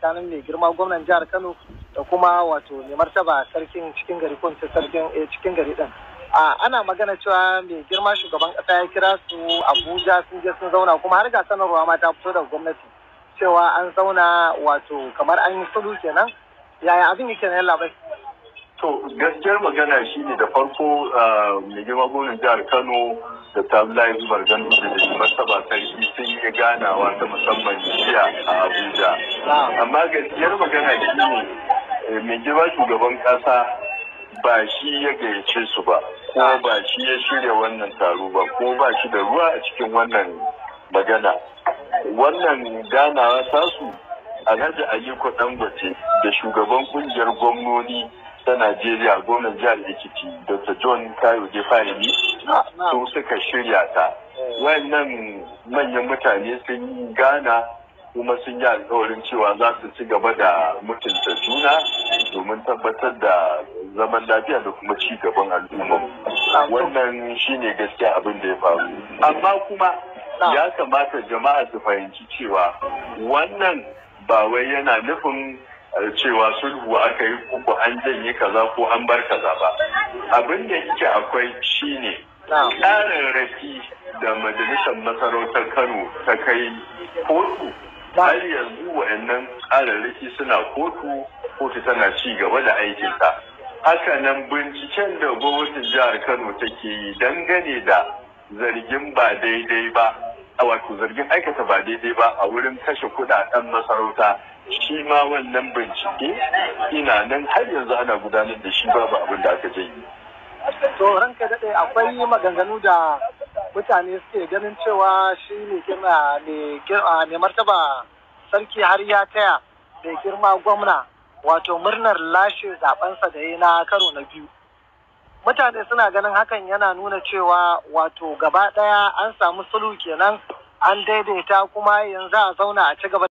tsakanin mai girma gwamnan jihar Kano da kuma wato mai martaba sarkin cikin gari ko sarkin eh, cikin gari din. ana magana cewa mai girma shugaban kasa ya kira su Abuja sun je sun zauna kuma har ga sanarwa ma ta fito daga gwamnati cewa an zauna wato kamar an yi sulhu kenan yaya abin yake nan labai To gaskiyar magana shi ne da farko ah, mai girma gwamnan jihar Kano da Tablayi Bargan da martaba sarki sun yi ganawa ta musamman jiya a Abuja. amma gaskiyar magana shi ne eh, mai girma shugaban kasa ba shi ya gayyace su ba ko ba shi ya shirya wannan taro ba ko ba shi da ruwa a cikin wannan magana wannan ganawa tasu alhaji aliko dangote da shugaban kungiyar gwamnoni ta najeriya gwamnan jihar ekiti dr john kayo defahimi su suka shirya ta wannan manyan mutane sun yi gana kuma sun yi alkawarin cewa za su ci gaba da mutunta juna domin tabbatar da zaman lafiya da kuma ci gaban al'umma wannan shine gaskiya abin da ya faru amma kuma ya kamata jama'a su fahimci cewa wannan ba wai yana nufin eh, cewa sulhu aka yi ko an janye kaza ko an bar kaza ba abin da yake akwai shine rafi da majalisar masarautar kano ta kai kotu har yanzu wayannan tsararraki suna kotu kotu tana ci gaba da aikinta haka nan binciken da gwamnatin jihar kano take yi dangane da zargin ba daidai ba a wato zargin aikata ba daidai ba a wurin kashe kudaden masarauta shi ma wannan bincike ina nan har yanzu ana gudanar da shi babu abin da aka je yi. ranka daɗe akwai maganganu da mutane suke ganin cewa shi ne girma martaba sarki har ya taya mai girma gwamna wato murnar lashe zabensa da ya na karo na biyu mutane suna ganin hakan yana nuna cewa wato gaba daya an samu sulhu kenan an daidaita kuma yanzu a zauna a ci gaba